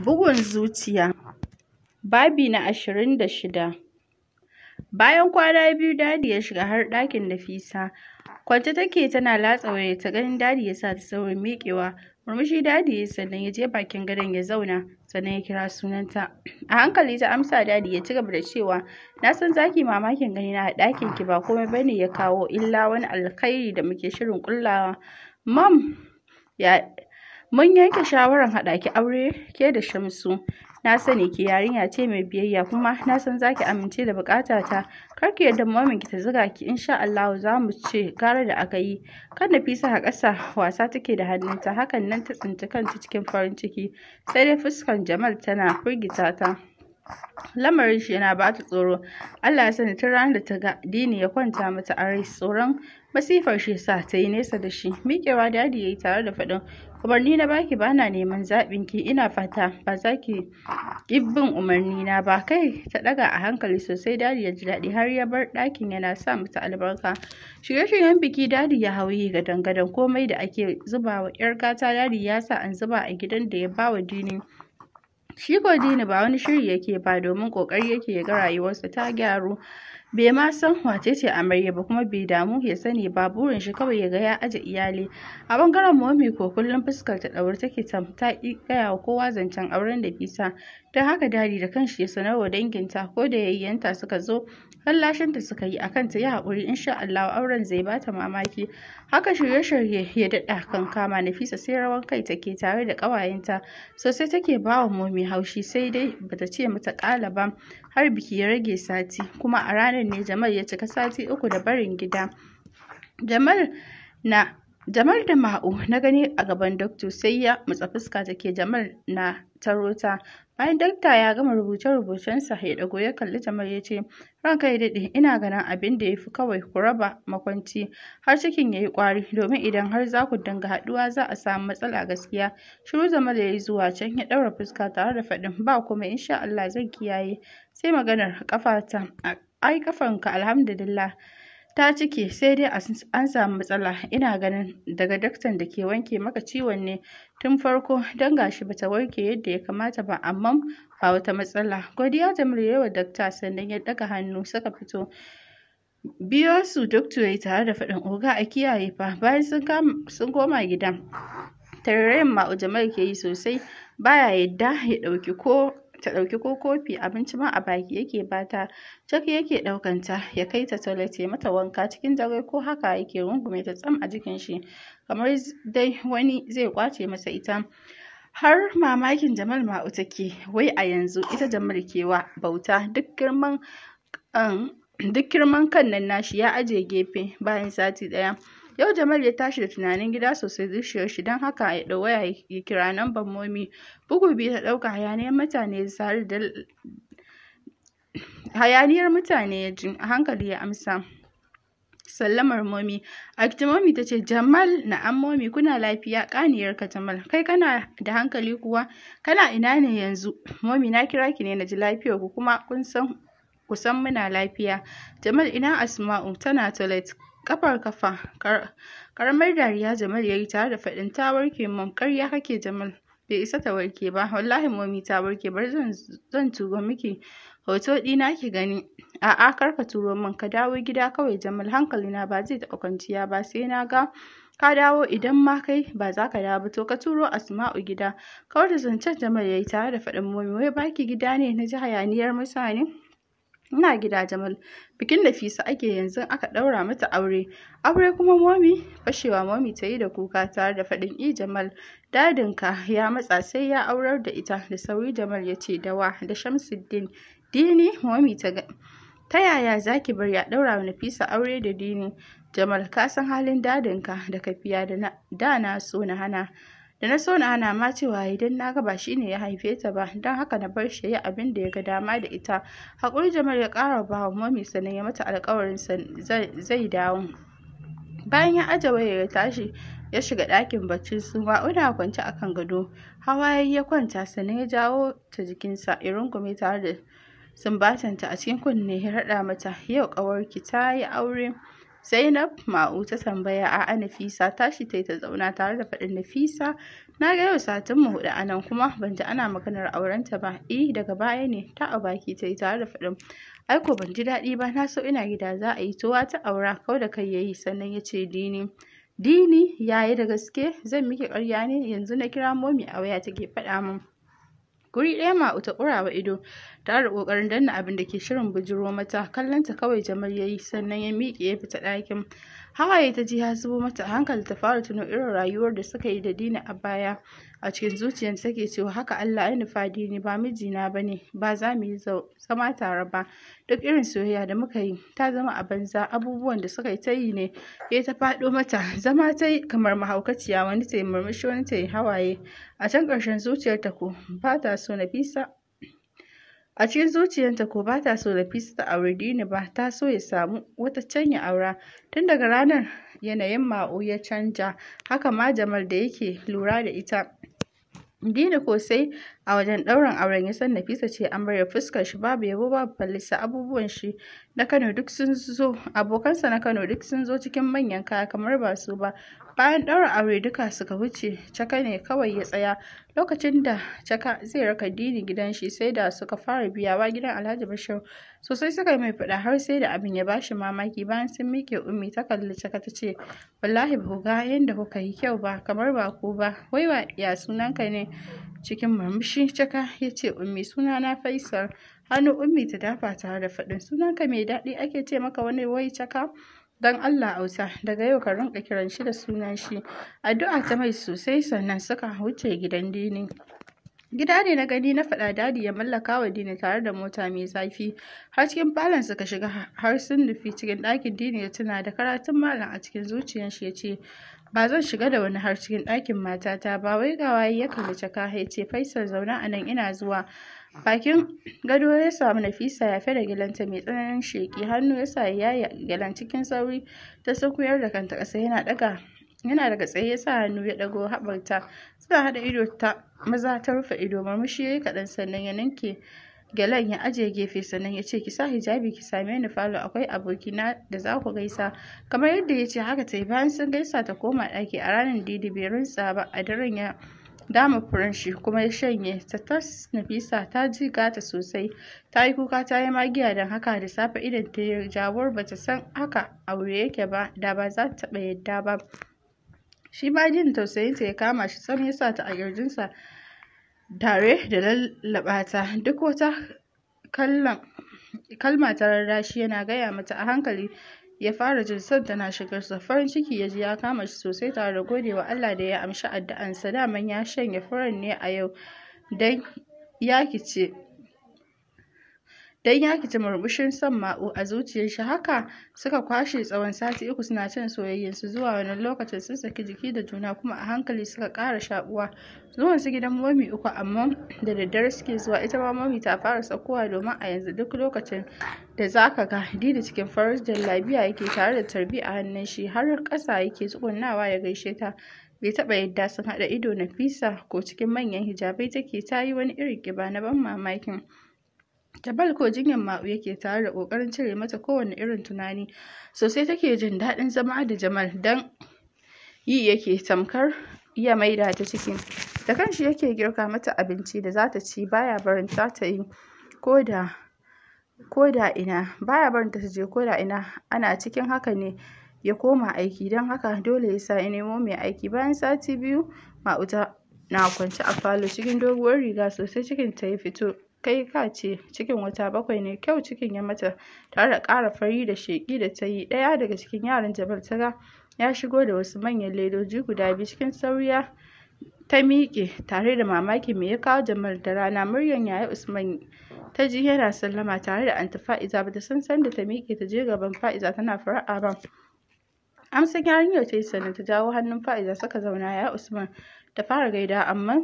Bugun zuciya, babi na ashirin da shida. Bayan kwana biyu Dadi ya shiga har ɗakin Nafisa, kwance take tana latsa ta ganin Dadi ya sa ta saurin miƙewa, murmushi Dadi ya sannan ya je bakin gadon ya zauna sannan ya kira sunanta. A hankali ta amsa Dadi ya ci gaba da cewa, Na san zaki mamakin ganina a ɗakin ki ba komai bane ya kawo illa wani alkhairi da muke shirin kullawa. Mam, ya Mun yanke shawarar haɗa ki aure ke da Shamsu. Na sani ki yarinya ce mai biyayya kuma na san za ki amince da ta. Kar ki yarda mamin ki ta zuga ki insha Allah za mu ce gara da aka yi. Kan Nafisa a ƙasa wasa take da hannunta hakan nan ta tsinci kanta cikin farin ciki sai dai fuskar Jamal tana firgita ta. lamarin shi yana ba ta tsoro Allah ya sani tun ranar da ta ga dini ya kwanta mata a rai tsoron masifar shi sa ta yi nesa da shi miƙewa dadi ya yi tare da faɗin umarni na baki ba na neman zaɓin ki ina fata ba za ki ƙibbin umarni na ba kai ta ɗaga a hankali sosai dadi ya ji daɗi har ya bar ɗakin yana sa mata albarka shirye-shiryen biki dadi ya hauyi ga gadon, komai da ake zubawa 'yar gata dadi ya sa an zuba a gidan da ya bawa wa dini Shi ko Dini ba wani shiri yake ba domin ƙoƙari yake ya ga rayuwarsa ta gyaru. Bai ma san wace ce amarya ba kuma bai damu ya sani ba burin shi kawai ya ga ya aje iyali. A bangaren Momi ko kullum fuskar ta ɗaure take ta ta kaya gaya wa kowa zancen auren da bisa. Don haka dadi da kanshi ya sanarwa danginta ko da yayyanta suka zo lallashinta suka yi akan ta yi haƙuri sha Allah auren zai bata mamaki haka shirye-shirye ya daɗa kan kama Nafisa sai rawan kai take tare da ƙawayenta sosai take ba wa momi haushi sai dai bata ce mata ƙala ba har biki ya rage sati kuma a ranar ne Jamal ya cika sati uku da barin gida Jamal na Jamal da Ma'u na gani a gaban Dokto sai ya matsa fuska take Jamal na tarota. Bayan Dokta ya gama rubuce-rubucensa ya dago ya kalli Jamal ya ce, Ranka ya daɗe, ina ganin abin da ya fi kawai ku raba makwanci har cikin ya yi ƙwari domin idan har za ku dinga haɗuwa za a samu matsala gaskiya. Shiru Jamal ya yi zuwa can ya ɗaura fuska tare da faɗin ba kuma insha Allah zan kiyaye. Sai maganar ta. ai kafanka alhamdulillah. ta cike sai dai an samu matsala ina ganin daga daktan da ke wanke maka ciwon ne tun farko don gashi bata wanke yadda ya kamata ba amma ba wata matsala godiya ta wa dakta sannan ya daga hannu suka fito biyo su doctor yayi tare da faɗin oga a kiyaye fa bayan sun koma gida tarairayin ma'u jamal ke yi sosai baya yadda ya ɗauki ko ta ɗauki ko kofi abinci ma a baki yake bata cak yake ɗaukanta ya kai ta toilet ya mata wanka cikin dare ko haka yake rungume ta tsam a jikin shi kamar dai wani zai kwace masa ita har mamakin Jamal uta ke wai a yanzu ita Jamal kewa bauta duk girman um, duk girman kan nan nashi ya ajiye gefe bayan sati ɗaya Yau Jamal ya tashi da tunanin gida sosai zuciyar shi don haka ya ɗau waya ya kira namban momi. Bugu biyu ta ɗauka hayaniyar mutane sare da hayaniyar mutane ya ji a hankali ya amsa. sallamar momi akita momi ta ce jamal na an momi kuna lafiya kaniyar ka jamal kai kana da hankali kuwa kana ina ne yanzu momi na kira ki ne na ji lafiyar ku kuma kun san kusan muna lafiya jamal ina asma'u tana toilet kafar kafa karamar dariya Jamal yayi tare da faɗin ta warke mun ƙarya kake Jamal. Bai isa ta warke ba, wallahi momi ta warke bari zan turo miki hoto ɗina ki gani. A'a kar ka turo min ka dawo gida kawai Jamal hankalina ba zai taɓa kwanciya ba sai na ga ka dawo idan ma kai ba za ka dawo ba, to ka turo asma'u gida Kawai, da zancen jamal yayi tare da faɗin momi wai baki gida ne na ji hayaniyar mutane ina gida jamal bikin nafisa ake yanzu aka ɗaura mata aure aure kuma momi fashewa momi ta yi da kuka tare da faɗin i jamal dadinka ya matsa sai ya aurar da ita da sauri jamal ya ce dawa da shamsuddin dini momi ta ga ta yaya zaki ki bari a ɗaura wa nafisa aure da dini jamal ka san halin dadinka da kafiya da na so na hana da na so na hana ma cewa idan na ga ba shi ne ya haife ta ba don haka na bar shi ya abin da ya ga dama da ita haƙuri jamar ya ƙara ba wa mami sannan ya mata alƙawarin zai dawo bayan ya aje waya ya tashi ya shiga ɗakin baccin su una kwance a kan gado hawa ya ya kwanta sannan ya jawo ta jikinsa ya rungume tare da sumbatanta a cikin kunne ya raɗa mata yau ƙawarki ta yi aure Zainab Ma'u ta tambaya a a'a Nafisa tashi ta ta zauna tare da faɗin Nafisa na ga yau satin mu hudu nan kuma ban ji ana maganar aurenta ba eh daga baya ne ta a baki ta yi tare da faɗin aiko ban ji daɗi ba na so ina gida za a yi tuwa ta aura kau da kai yayi sannan ya ce dini dini yayi da gaske zan miki ƙarya ne yanzu na kira momi a waya take faɗa min Guri ɗaya ma ta ƙurawa ido tare da ƙoƙarin danna abin da ke shirin bujiro mata, kallonta kawai Jamal ya yi sannan ya miƙe ya fita ɗakin. hawaye ta ji ya zubo mata a hankali ta fara tuno irin rayuwar da suka yi da dina a baya a cikin zuciyar take cewa haka Allah ya nufa dini ba mijina ba ne ba za mu yi zama tare ba duk irin soyayya da muka yi ta zama a banza abubuwan da suka yi ta yi ne ya ta faɗo mata zama ta yi kamar mahaukaciya wani ta yi murmushi wani ta yi hawaye a can ƙarshen zuciyar ta ko ba ta so na fisa A cikin zuciyarta ko ba ta so Nafisa ta auri Dini ba, ta so ya samu wata canya aura. Tun daga ranar yanayin Ma'u ya canja, haka ma Jamal da yake lura da ita. Dini ko sai A wajen ɗaurin auren ya san Nafisa ce an amarya, fuskar shi babu yabo babu fallisa abubuwan shi na Kano duk sun zo, abokansa na Kano duk sun zo cikin manyan kaya kamar ba su ba. Bayan ɗaurin aure duka suka wuce, caka ne kawai ya tsaya. Lokacin da caka zai raka Dini gidan shi sai da suka fara biyawa gidan Alhaji Bashir. Sosai suka yi mai faɗa har sai da abin ya bashi mamaki bayan sun miƙe ummi ta kalli caka ta ce, Wallahi ba ku ga yadda kuka yi kyau ba kamar ba ku ba, wai ya sunanka ne? cikin murmushi caka ya ce ummi suna na faisal hannu ummi ta dafa tare da faɗin sunanka mai daɗi ake ce maka wani wai caka don Allah ausa daga yau ka rinka kiran shi da sunan shi addu'a ta mai sosai sannan suka wuce gidan dini Gida ne na gani na faɗa dadi ya mallaka wa Dini tare da mota mai zafi. Har cikin falon suka shiga har sun nufi cikin ɗakin Dini ya tuna da karatun malam a cikin zuciyar shi ya ce ba zan shiga da wani har cikin ɗakin matata ba wai ga waye ya kalli caka. ya ce Faisal zauna a nan ina zuwa. Bakin gado ya samu Nafisa ya da gilanta mai tsananin sheƙi hannu ya sa ya yayi gilan cikin sauri ta sakuyar da kanta ƙasa yana ɗaga yana daga tsaye ya sa hannu ya ɗago haɓarta suna haɗa ido ta maza ta rufe ido murmushi ya yi kaɗan sannan ya nanke Galan ya ajiye gefe sannan ya ce ki sa hijabi ki same ni falo akwai abokina da za ku gaisa kamar yadda ya ce haka ta yi bayan sun gaisa ta koma ɗaki a ranar didi bai runtsa ba a daren ya dama furen shi kuma ya shanye ta tas nafisa ta ji gata sosai ta yi kuka ta yi magiya don haka da safe idan ta yi jawar bata san haka aure yake ba da ba za ta taɓa yadda ba Shi ma jin tausayinta ya kama shi sam ya sa ta a ƙirjinsa tare da lallaba ta. Duk wata kalma ta rarrashi yana gaya mata a hankali ya fara jin son tana sa Farin ciki ya ji ya kama shi sosai tare da gode wa Allah da ya amshi addu'ansa. Daman ya shanye furen ne a yau Dan ya kice. don ya ta murmushin son Ma'u a zuciyar shi haka suka kwashe tsawon sati uku suna cin soyayyen su zuwa wani lokacin sun saki jiki da juna kuma a hankali suka kara shakuwa zuwan su gidan mami uku amma da daddare suke zuwa ita ma mami ta fara saukowa domin a yanzu duk lokacin da zaka ga Didi cikin farin labiya yake tare da tarbi a hannun shi har ƙasa yake tsugunnawa ya gaishe ta bai taɓa yadda sun haɗa ido na fisa ko cikin manyan hijabai take ta yi wani irin kiba na ban mamakin Jabal ko jinyar Ma'u yake tare da ƙoƙarin cire mata kowane irin tunani, sosai take jin daɗin zama da Jamal don yi yake tamkar iya maida ta ciki. Da kanshi yake girka mata abinci da za ta ci baya barin ta ta yi ko da ina baya barin ta je ko ina ana cikin haka ne ya koma aiki don haka dole ya sa ya nemo mai aiki bayan sati biyu Ma'u na kwance a falo cikin doguwar riga sosai cikin ta ya fito. kai ka ce cikin wata bakwai ne kyau cikin ya mata tare da ƙara fari da sheƙi da ta yi ɗaya daga cikin yaran jabal ta ga ya shigo da wasu manyan ledoji guda biyu cikin sauriya ta miƙe tare da mamaki me ya kawo jamal da rana muryan yaya usman ta ji yana sallama tare da anti fa'iza ba ta san sanda ta miƙe ta je gaban fa'iza tana fara'a ba amsa yarinyar ta yi sannan ta jawo hannun fa'iza suka zauna yaya usman ta fara gaida amma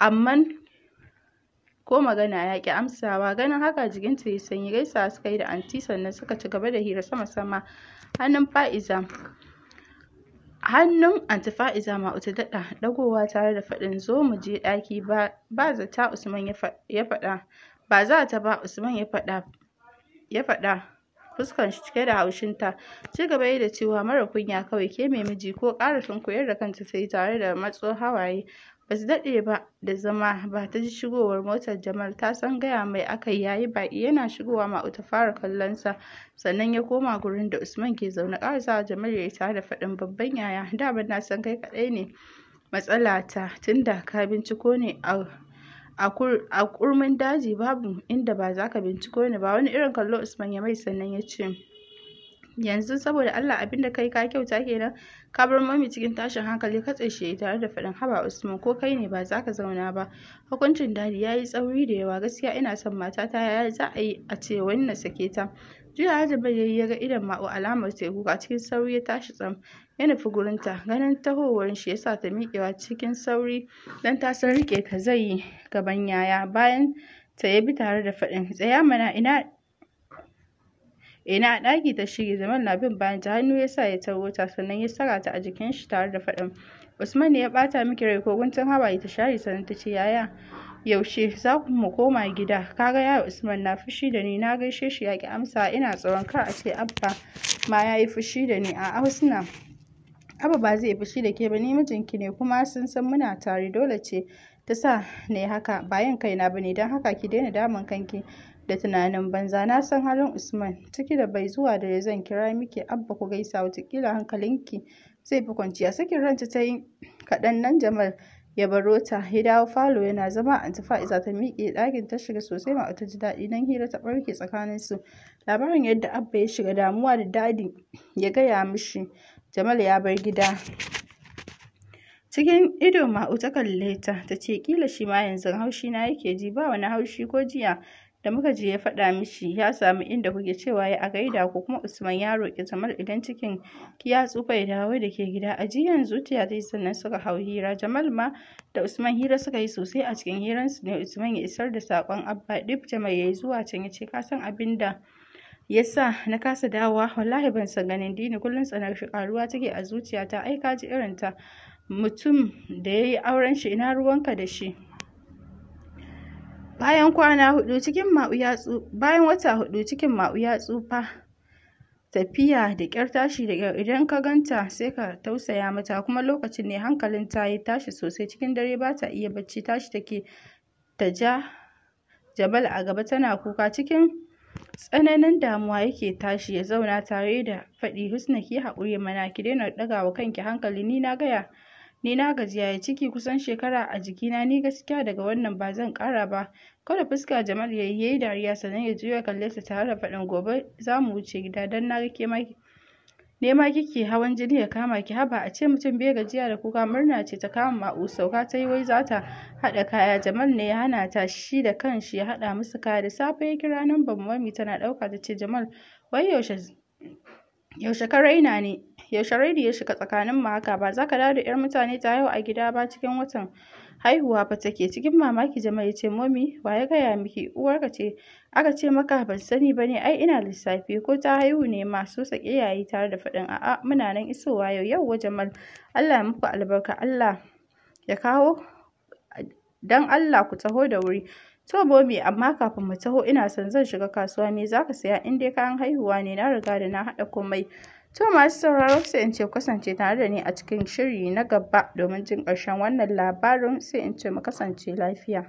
amman ko magana ya ƙi amsawa ganin haka jikinta ya sanyi gaisawa suka yi da anti sannan suka ci gaba da hira sama sama hannun fa'iza hannun anti fa'iza ma uta daɗa dagowa tare da faɗin zo mu je ɗaki ba ba zata usman ya faɗa ba za ta ba usman ya faɗa ya faɗa fuskan shi cike da haushinta ci gaba da cewa mara kunya kawai ke mai miji ko ƙara koyar da kanta sai tare da matso hawaye ba su daɗe ba da zama ba ta ji shigowar motar jamal ta san gaya mai aka yayi baƙi yana shigowa ma ta fara kallon sa sannan ya koma gurin da usman ke zaune ƙarasa jamal ya yi tare da faɗin babban yaya Da na san kai kaɗai ne matsala ta tunda ka binciko ne a a kurmin daji babu inda ba za ka binciko ne ba wani irin kallo usman ya mai sannan ya ce yanzu saboda Allah abinda kai ka kyauta kenan ka bar mami cikin tashin hankali ka tsaye tare da faɗin haba Usman ko kai ne ba za ka zauna ba hukuncin dadi yayi tsauri da yawa gaskiya ina son matata yaya za a yi a ce wani sake ta jiya da bai ya ga idan ma'u alamar teku a cikin sauri ya tashi tsam ya nufi gurinta ganin tahowar shi yasa ta miƙewa cikin sauri dan ta san rike ta zai yi gaban yaya bayan ta ya bi tare da faɗin tsaya mana ina ina a ɗaki ta shige zaman na bin bayan ta hannu ya sa ya taro ta sannan ya sara ta a jikin shi tare da faɗan? usman ne ya ɓata miki rai ko guntun hawaye ta share sannan ta ce yaya yaushe za ku mu koma gida kaga yaya usman na fushi da ni na gaishe shi ya ki amsa ina tsoron kar a ce abba ma ya yi fushi da ni a husna abba ba zai fushi da ke ba ni mijinki ne kuma sun san muna tare dole ce ta sa ne haka bayan kaina ba ne don haka ki daina damun kanki da tunanin banza na san halin Usman ciki da bai zuwa da zan kira miki abba ku gaisa wata watakila hankalinki zai fi kwanciya sakin ranta ta yi kaɗan nan Jamal ya baro ta ya dawo falo yana zama a anti fa'iza ta miƙe ɗakin ta shiga sosai ma ta ji daɗi nan hira ta ɓarke tsakanin su labarin yadda abba ya shiga damuwa da dadi ya gaya mishi Jamal ya bar gida cikin ido ma'u ta kalle ta ta ce kila shi ma yanzu haushi na yake ji ba wani haushi ko jiya da muka je ya faɗa mishi ya samu inda kuke cewa ya a gaida ku kuma Usman ya roƙi Jamal idan cikin ki ya tsufa ya dawo da ke gida a ajiyan zuciya zai sannan suka hau hira Jamal ma da Usman hira suka yi sosai a cikin su ne Usman ya isar da sakon Abba Dip Jamal mai yi zuwa can ya ce ka san abin da ya sa na kasa dawowa wallahi ban san ganin dini kullum tsanar shi karuwa take a zuciyata ai ka ji irin ta mutum da ya yi auren shi ina ruwanka da shi Bayan kwana huɗu cikin bayan wata huɗu cikin Ma'u ya tsufa, tafiya da ƙyar, tashi da ƙyar, idan ka ganta sai ka tausaya mata, kuma lokacin ne ta yi tashi sosai, cikin dare ba ta iya bacci, tashi take ta ja Jabal a gaba tana kuka, cikin tsananin damuwa yake tashi ya zauna tare da faɗi Husna ki haƙuri mana ki daina ɗaga wa kanki hankali ni na gaya ni na gajiya ya ciki kusan shekara a jikina ni gaskiya daga wannan ba zan ƙara ba kawai fuska jamal yayi yi dariya sannan ya juya kalle ta tare da faɗin gobe za mu wuce gida don na ga ke ma nema kike hawan jini ya kama ki haba a ce mutum bai gajiya da kuka murna ce ta kama ma'u sauka ta yi wai za ta haɗa kaya jamal ne ya hana ta shi da kanshi ya haɗa musu kaya da safe ya kira nan ban mami tana ɗauka ta ce jamal wai yaushe yaushe ka raina ne yaushe da ya shiga tsakaninmu haka ba za ka dawo da 'yar mutane ta haihu a gida ba cikin watan haihuwa fa take cikin mamaki jama'a ya ce momi wa ya gaya miki uwarka ce aka ce maka ban sani ba ne ai ina lissafi ko ta haihu ne so sake yayi tare da faɗin a'a muna nan isowa yau wa jamal allah ya muku albarka allah ya kawo dan allah ku taho da wuri To bomi amma kafin mu taho ina son zan shiga kasuwa me zaka saya in dai kayan haihuwa ne na riga da na haɗa komai. To masu sauraro sai in ce kasance tare da ni a cikin shiri na gaba domin jin ƙarshen wannan labarin sai in ce mu kasance lafiya.